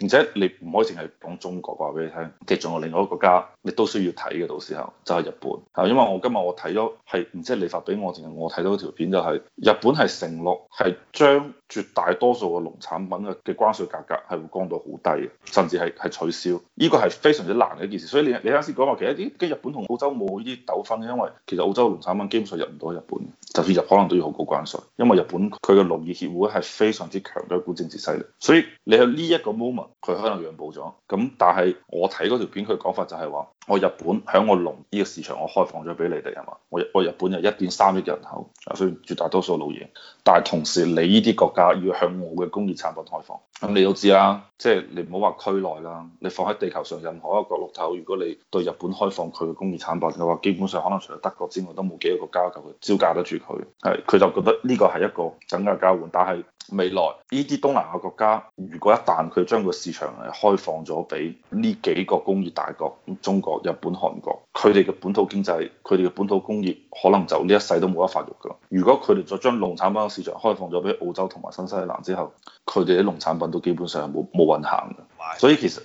而且你唔可以淨係講中國話俾你聽，其實仲有另外一個國家，你都需要睇嘅。到時候就係日本，嚇，因為我今日我睇咗係，唔知你發俾我定係我睇到條片就係、是、日本係承諾係將絕大多數嘅農產品嘅嘅關稅價格係會降到好低嘅，甚至係係取消。呢個係非常之難嘅一件事。所以你你啱先講話，其實啲日本同澳洲冇呢啲糾紛，因為其實澳洲嘅農產品基本上入唔到日本，就算入可能都要好高關稅，因為日本佢嘅農業協會係非常之強嘅一股政治勢力。所以你喺呢一個 moment。佢可能讓步咗，咁但係我睇嗰條片，佢講法就係話，我日本喺我農呢個市場，我開放咗俾你哋係嘛？我日我日本有一點三億人口，所以絕大多數老嘢。但係同時，你呢啲國家要向我嘅工業產品開放。咁你都知啦，即係你唔好話區內啦，你放喺地球上任何一個角落頭，如果你對日本開放佢嘅工業產品嘅話，基本上可能除咗德國之外，都冇幾個國家夠佢招架得住佢。係，佢就覺得呢個係一個等價交換，但係。未來呢啲東南亞國家，如果一旦佢將個市場開放咗俾呢幾個工業大國，中國、日本、韓國，佢哋嘅本土經濟、佢哋嘅本土工業，可能就呢一世都冇得發育㗎。如果佢哋再將農產品嘅市場開放咗俾澳洲同埋新西蘭之後，佢哋啲農產品都基本上係冇冇運行嘅。所以其實，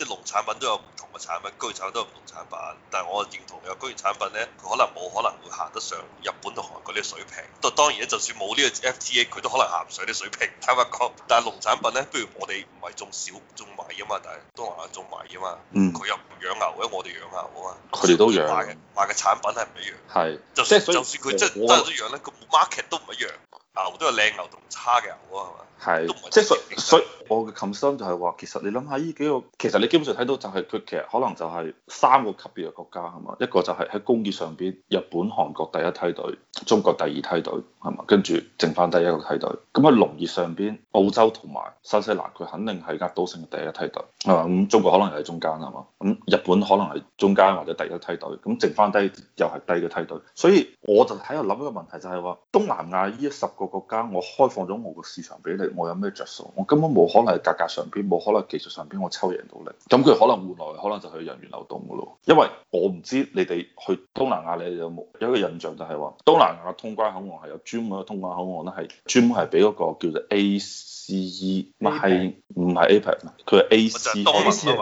啲農產品都有唔同嘅產品，工業產品都有唔同產品，但係我認同嘅工業產品咧，佢可能冇可能會行得上日本同韓國呢個水平。就當然，就算冇呢個 F T A，佢都可能行唔上啲水平。坦白講，但係農產品咧，不如我哋唔係種少種米啊嘛，但係東南亞種米啊嘛，佢又唔養牛或者我哋養牛啊嘛，佢哋都養，賣嘅產品係唔一樣，係是，即係，就算佢以真得咗養咧，冇 market 我都唔一樣。牛都有靚牛同差嘅牛啊，係嘛？係的，即係所所以我嘅 concern 就係話，其實你諗下呢幾個，其實你基本上睇到就係、是、佢其實可能就係三個級別嘅國家，係嘛？一個就係喺工業上邊，日本、韓國第一梯隊，中國第二梯隊，係嘛？跟住剩翻低一個梯隊，咁喺農業上邊，澳洲同埋新西蘭佢肯定係壓倒性嘅第一梯隊，係嘛？咁中國可能又係中間，係嘛？咁日本可能係中間或者第一梯隊，咁剩翻低又係低嘅梯隊，所以我就喺度諗一個問題就係話，東南亞呢十。個國家我開放咗我個市場俾你，我有咩著數？我根本冇可能係價格，格上邊，冇可能技術上邊，我抽贏到你，咁佢可能換來可能就係人員流動㗎咯。因為我唔知你哋去東南亞你哋有冇有，有一個印象就係話東南亞嘅通關口岸係有專門嘅通關口岸咧，係專門係俾嗰個叫做 A C E，唔係唔係 A C E，唔係唔係 APEC，佢 A C E、啊、東盟啊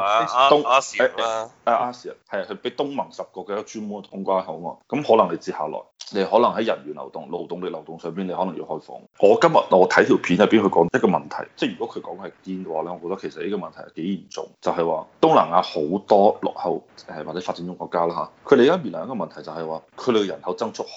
嘛，啊係啊，俾東盟十國嘅一個專門嘅通關口岸。咁可能你接下來你可能喺人員流動、勞動力流動上邊，你可能要。開放。我今日我睇條片入邊佢講一個問題，即係如果佢講係堅嘅話咧，我覺得其實呢個問題係幾嚴重。就係話東南亞好多落後誒或者發展中國家啦嚇，佢哋而家面臨一個問題就係話佢哋嘅人口增速好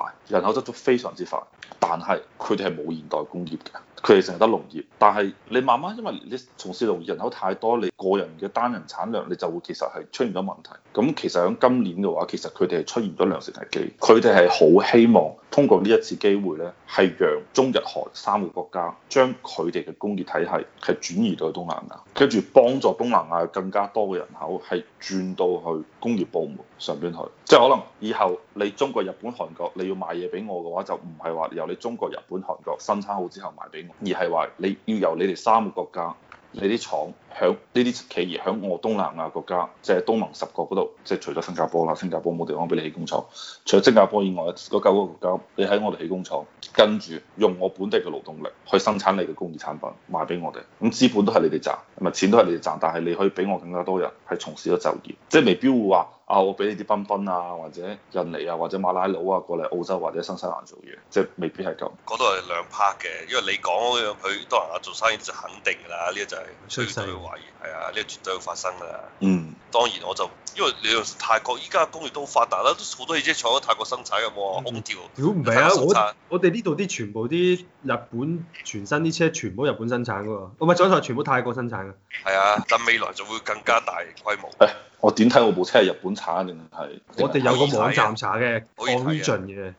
快，人口增速非常之快，但係佢哋係冇現代工業嘅，佢哋淨係得農業。但係你慢慢因為你從事農業人口太多，你個人嘅單人產量你就會其實係出現咗問題。咁其實喺今年嘅話，其實佢哋係出現咗糧食危機。佢哋係好希望通過呢一次機會咧，係。係讓中日韓三個國家將佢哋嘅工業體系係轉移到東南亞，跟住幫助東南亞更加多嘅人口係轉到去工業部門上邊去。即係可能以後你中國、日本、韓國，你要賣嘢俾我嘅話，就唔係話由你中國、日本、韓國生產好之後賣俾我，而係話你要由你哋三個國家你啲廠。響呢啲企業響我東南亞國家，即係東盟十國嗰度，即係除咗新加坡啦，新加坡冇地方俾你起工廠，除咗新加坡以外，嗰九個國家，你喺我哋起工廠，跟住用我本地嘅勞動力去生產你嘅工業產品賣俾我哋，咁資本都係你哋賺，唔係錢都係你哋賺，但係你可以俾我更加多人係從事咗就業，即係未必會話啊我俾你啲賓賓啊或者印尼啊或者馬拉佬啊過嚟澳洲或者新西蘭做嘢，即係未必係咁。嗰度係兩 part 嘅，因為你講嗰樣佢東南亞做生意就肯定㗎啦，呢個就係趨勢。懷疑，係啊，呢個絕對會發生噶啦。嗯，當然我就因為你用泰國依家工業都發達啦，都好多汽車坐咗泰國生產嘅喎，嗯、空調。如果唔係啊，我我哋呢度啲全部啲日本全新啲車，全部日本生產嘅喎。唔係，坐喺全部泰國生產嘅。係啊，但未來就會更加大規模。誒， 我點睇？我部車係日本產定係？我哋有個網站查嘅，我依進嘅。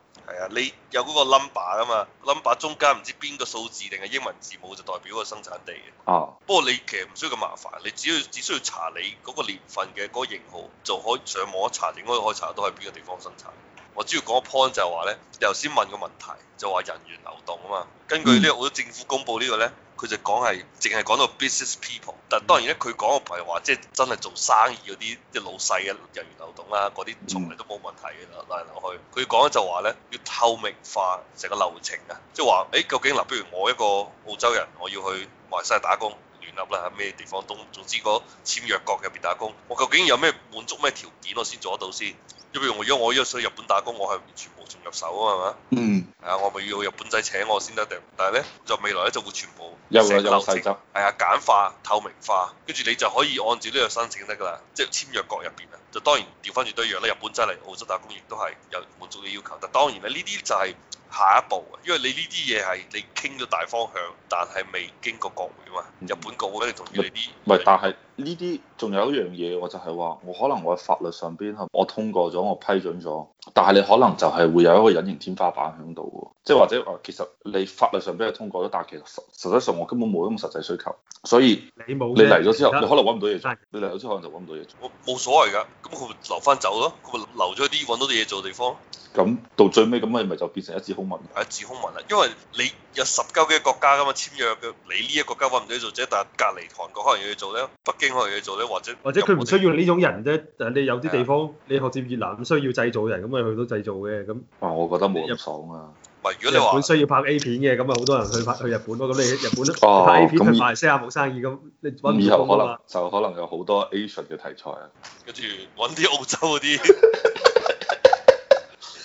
你有嗰個 number 啊嘛，number 中間唔知邊個數字定係英文字母就代表嗰個生產地嘅。哦、啊。不過你其實唔需要咁麻煩，你只要只需要查你嗰個年份嘅嗰個型號就可以上網一查，應該可以查到喺邊個地方生產。我主要講個 point 就係話咧，你頭先問個問題就話人員流動啊嘛，根據呢個好多政府公佈呢個咧。嗯佢就講係，淨係講到 business people，但當然咧，佢講嘅唔係話，即係真係做生意嗰啲，即係老細嘅人員流動啦，嗰啲從嚟都冇問題嘅啦，嚟嚟去去。佢講就話咧，要透明化成個流程啊，即係話，誒、欸、究竟嗱，譬如我一個澳洲人，我要去外曬打工，亂噏啦，喺咩地方工，總之個簽約國入邊打工，我究竟有咩滿足咩條件，我先做得到先。即係譬如我，如果我如果去日本打工，我係唔從入手啊嘛，嗯，係啊，我咪要日本仔請我先得定？但係咧，就未來咧就會全部成流程，係啊，簡化、透明化，跟住你就可以按照呢個申請得噶啦。即係簽約國入邊啊，就當然調翻轉都一樣啦。日本仔嚟澳洲打工亦都係有滿足嘅要求，但係當然咧，呢啲就係下一步，因為你呢啲嘢係你傾咗大方向，但係未經過國會啊嘛。日本國會一定同意你啲唔係，但係。呢啲仲有一樣嘢，我就係話，我可能我喺法律上邊，我通過咗，我批准咗，但係你可能就係會有一個隱形天花板喺度喎，即係或者其實你法律上邊係通過咗，但係其實實質上我根本冇咁實際需求，所以你嚟咗之後，你可能揾唔到嘢做，你嚟咗之後可能就揾唔到嘢做。我冇所謂㗎，咁佢留翻走咯，佢咪留咗啲揾到啲嘢做嘅地方。咁到最尾咁咪咪就變成一紙空文。一紙空文啦，因為你有十幾個國家㗎嘛簽約嘅，你呢一個國家揾唔到嘢做，只但係隔離韓國可能要去做呢。驚佢做咧，或者或者佢唔需要呢種人啫。人哋有啲地方，的你學似越南咁需要製造人，咁咪去到製造嘅咁。啊、哦，我覺得冇入房啊。唔如果你話日本需要拍 A 片嘅，咁啊好多人去拍去日本咯。咁你日本、哦、拍 A 片同、哦、拍馬來西亞冇生意咁，你揾唔到以後可能就可能有好多 Asian 嘅題材啊。跟住揾啲澳洲嗰啲，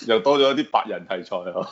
又多咗一啲白人題材啊。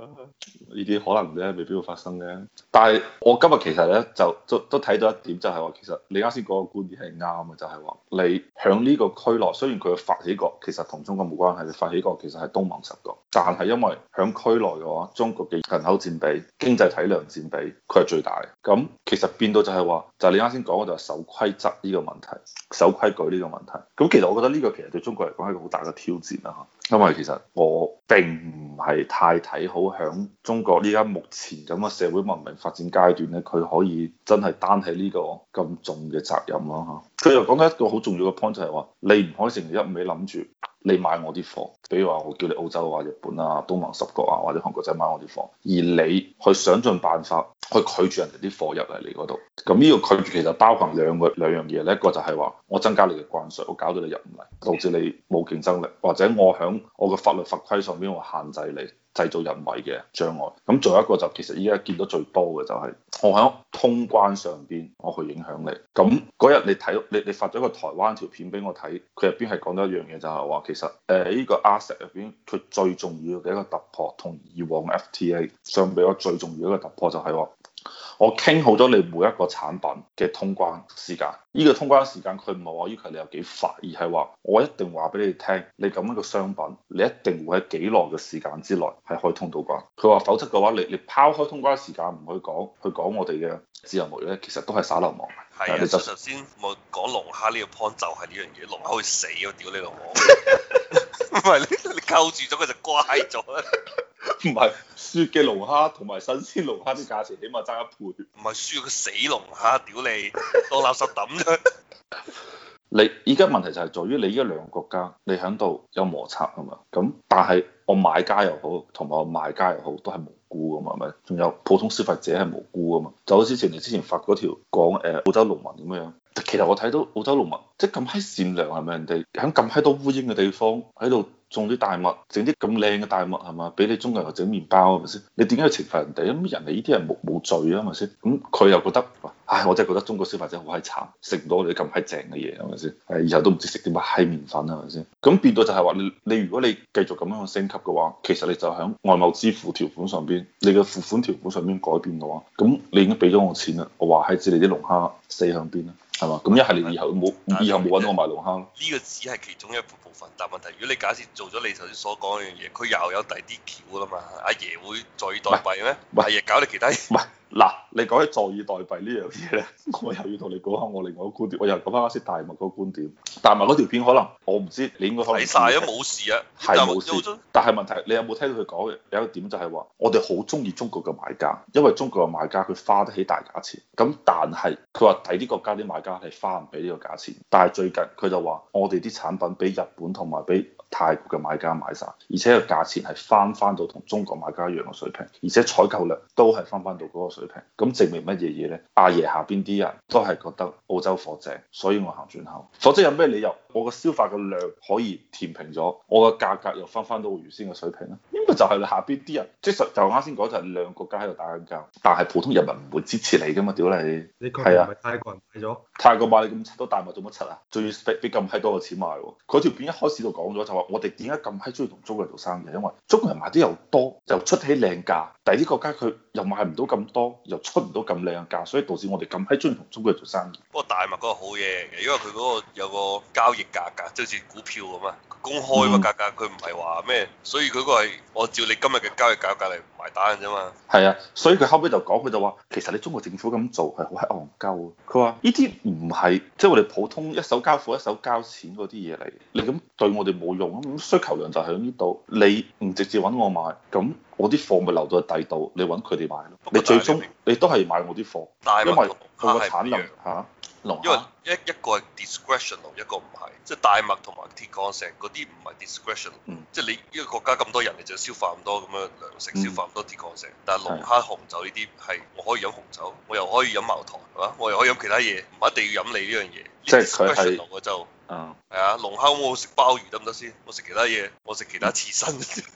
呢啲可能咧未必會發生嘅。但係我今日其實咧就，就，就都都睇到一點就，就係話其實你啱先講嘅觀點係啱嘅，就係話你喺呢個區內，雖然佢嘅發起國其實同中國冇關係，發起國其實係東盟十國，但係因為喺區內嘅話，中國嘅人口佔比、經濟體量佔比，佢係最大嘅。咁其實變到就係話，就你啱先講嘅就係守規則呢個問題、守規矩呢個問題。咁其實我覺得呢個其實對中國嚟講係一個好大嘅挑戰啦嚇，因為其實我並唔係太睇好喺中。中國依家目前咁嘅社會文明發展階段咧，佢可以真係擔起呢個咁重嘅責任咯嚇。佢又講到一個好重要嘅 point 就係話，你唔可以成日一味諗住你買我啲貨，比如話我叫你澳洲啊、日本啊、東盟十國啊或者韓國仔買我啲貨，而你去想盡辦法去拒絕人哋啲貨入嚟你嗰度。咁呢個拒絕其實包含兩個兩樣嘢咧，一個就係話我增加你嘅關稅，我搞到你入唔嚟，導致你冇競爭力，或者我響我嘅法律法規上邊我限制你製造人為嘅障礙。咁仲有一個就其實依家見到最多嘅就係我喺通關上邊我去影響你。咁嗰日你睇你你發咗個台灣條片俾我睇，佢入邊係講咗一樣嘢，就係話其實誒依個 RCEP 入邊，佢最重要嘅一個突破，同以往 FTA 相比，我最重要嘅一個突破就係話，我傾好咗你每一個產品嘅通關時間，呢個通關時間佢唔係話要求你有幾快，而係話我一定話俾你聽，你咁樣嘅商品，你一定會喺幾耐嘅時間之內係開通到關。佢話否則嘅話你，你你拋開通關時間唔去講，去講我哋嘅自由度咧，其實都係耍流氓。係啊，你就頭先我講龍蝦呢個 point 就係呢樣嘢，龍蝦會死啊！屌你老唔係，你你扣住咗佢就乖咗啦。 唔係雪嘅龍蝦同埋新鮮龍蝦啲價錢起碼爭一倍。唔係雪嘅死龍蝦，屌你當垃圾抌啫。你而家問題就係在於你依家兩個國家你，你喺度有摩擦啊嘛。咁但係我買家又好，同埋我賣家又好，都係無辜噶嘛，係咪？仲有普通消費者係無辜噶嘛？就好似前你之前發嗰條講澳洲農民咁樣，其實我睇到澳洲農民即係咁閪善良係咪？是是人哋喺咁閪多烏蠅嘅地方喺度種啲大麥，整啲咁靚嘅大麥係嘛？俾你中國人整麵包係咪先？你點解要懲罰人哋？咁人哋呢啲人冇冇罪啊，係咪先？咁佢又覺得。唉，我真係覺得中國消費者好閪慘，食唔到你咁閪正嘅嘢，係咪先？係，以後都唔知食啲乜閪麵粉，係咪先？咁變到就係話，你你如果你繼續咁樣去升級嘅話，其實你就喺外貿支付條款上邊，你嘅付款條款上邊改變嘅話，咁你已經俾咗我錢啦，我話喺指你啲龍蝦四向邊啦，係嘛？咁一係你以後冇，是以後冇揾到我賣龍蝦。呢個只係其中一部分，但問題如果你假設做咗你頭先所講嘅嘢，佢又有第二啲橋啦嘛？阿爺，爺會再代幣咩？阿、啊、爺搞你其他是？嗱，你講起坐以待斃呢樣嘢咧，我又要同你講下我另外一個觀點。 我又講翻啱先大物嗰個觀點，大物嗰條片可能我唔知，你應該睇曬都冇事啊。係，冇事，但係問題你有冇聽到佢講嘅？ 有一點就係話，我哋好中意中國嘅買家，因為中國嘅買家佢花得起大價錢。咁但係佢話第啲國家啲買家係花唔起呢個價錢。但係最近佢就話我哋啲產品俾日本同埋俾。泰國嘅買家買晒，而且個價錢係翻翻到同中國買家一樣嘅水平，而且採購量都係翻翻到嗰個水平，咁證明乜嘢嘢呢？阿爺下邊啲人都係覺得澳洲貨正，所以我行轉口。否則有咩理由我個消化嘅量可以填平咗，我嘅價格又翻翻到原先嘅水平咧？應該就係你下邊啲人，即係就啱先講就係兩個國家喺度打緊交，但係普通人民唔會支持你噶嘛？屌你，係啊，泰國人買咗，啊、泰國買你咁多大物做乜柒啊？仲要俾咁閪多嘅錢買喎。嗰條片一開始就講咗就我哋點解咁閪中意同中國人做生意？因為中國人買啲又多，又出起靚價；第啲國家佢又買唔到咁多，又出唔到咁靚嘅價，所以導致我哋咁閪中意同中國人做生意。不過大麥嗰個好嘢嘅，因為佢嗰個有個交易價格，即係好似股票咁啊，公開個價格，佢唔係話咩，所以嗰個係我照你今日嘅交易價格嚟。埋單嘅啫嘛，係啊，所以佢後尾就講，佢就話其實你中國政府咁做係好黑戇鳩，佢話呢啲唔係即係我哋普通一手交貨一手交錢嗰啲嘢嚟，你咁對我哋冇用，咁需求量就喺呢度，你唔直接搵我買咁。我啲貨咪留到第度，你揾佢哋買咯。不過 你最終麥你都係買我啲貨，大麥因為佢個產量嚇、啊、龍因為一個 ional，一個係 discretional，一個唔係，即、就、係、是、大麥同埋鐵礦石嗰啲唔係 discretional，即係你呢個國家咁多人，你就消化咁多咁樣糧食，消化咁多鐵礦石。Ent，但係龍蝦的紅酒呢啲係我可以飲紅酒，我又可以飲茅台，係嘛？我又可以飲其他嘢，唔一定要飲你呢樣嘢。即 Discretional，我就、就是。嗯，係啊，龍蝦我食鮑魚得唔得先？我食其他嘢，我食其他刺身。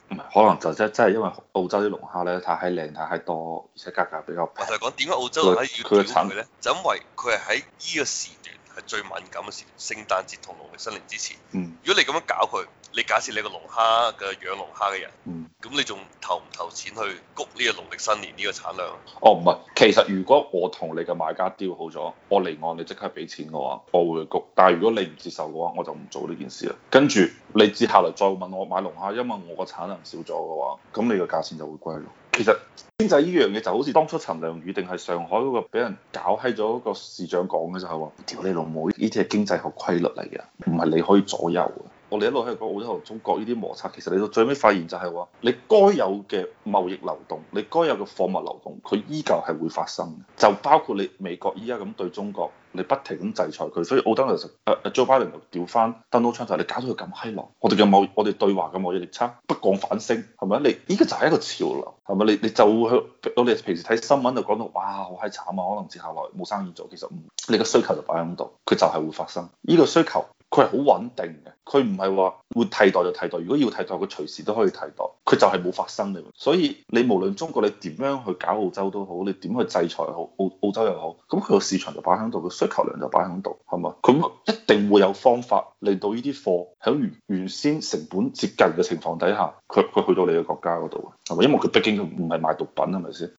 唔係，可能就真真係因為澳洲啲龍蝦咧，太閪靚，太閪多，而且價格比較平。我就係講點解澳洲龍蝦要屌佢咧？就因為佢係喺依個時段。係最敏感嘅時節，聖誕節同農曆新年之前。嗯，如果你咁樣搞佢，你假設你個龍蝦嘅養龍蝦嘅人，嗯，咁你仲投唔投錢去谷呢個農曆新年呢個產量？哦，唔係，其實如果我同你嘅買家調好咗，我離岸你即刻俾錢我，我會去谷。但係如果你唔接受嘅話，我就唔做呢件事啦。跟住你接下來再問我買龍蝦，因為我個產量少咗嘅話，咁你個價錢就會貴咯。其實經濟呢樣嘢就好似當初陳良宇定係上海嗰個俾人搞閪咗個市長講嘅，就係話，屌你老母！呢啲係經濟學規律嚟嘅，唔係你可以左右嘅。我哋一路喺度講澳洲同中國呢啲摩擦，其實你到最尾發現就係話，你該有嘅貿易流動，你該有嘅貨物流動，佢依舊係會發生嘅。就包括你美國依家咁對中國，你不停咁制裁佢，所以澳洲其實誒誒，Joe Biden 又調翻 Donald Trump，就係你搞到佢咁閪狼。我哋嘅貿，我哋對華嘅貿易逆差不降反升，係咪？你依家就係一個潮流，係咪？你你就會去。我哋平時睇新聞就講到，哇，好閪慘啊，可能接下來冇生意做。其實唔，你個需求就擺喺度，佢就係會發生呢、這個需求。佢係好穩定嘅，佢唔係話會替代就替代，如果要替代佢隨時都可以替代，佢就係冇發生嘅。所以你無論中國你點樣去搞澳洲都好，你點去制裁又好，澳澳洲又好，咁佢個市場就擺喺度，佢需求量就擺喺度，係嘛？佢一定會有方法令到呢啲貨喺原原先成本接近嘅情況底下，佢佢去到你嘅國家嗰度，係咪？因為佢畢竟佢唔係賣毒品，係咪先？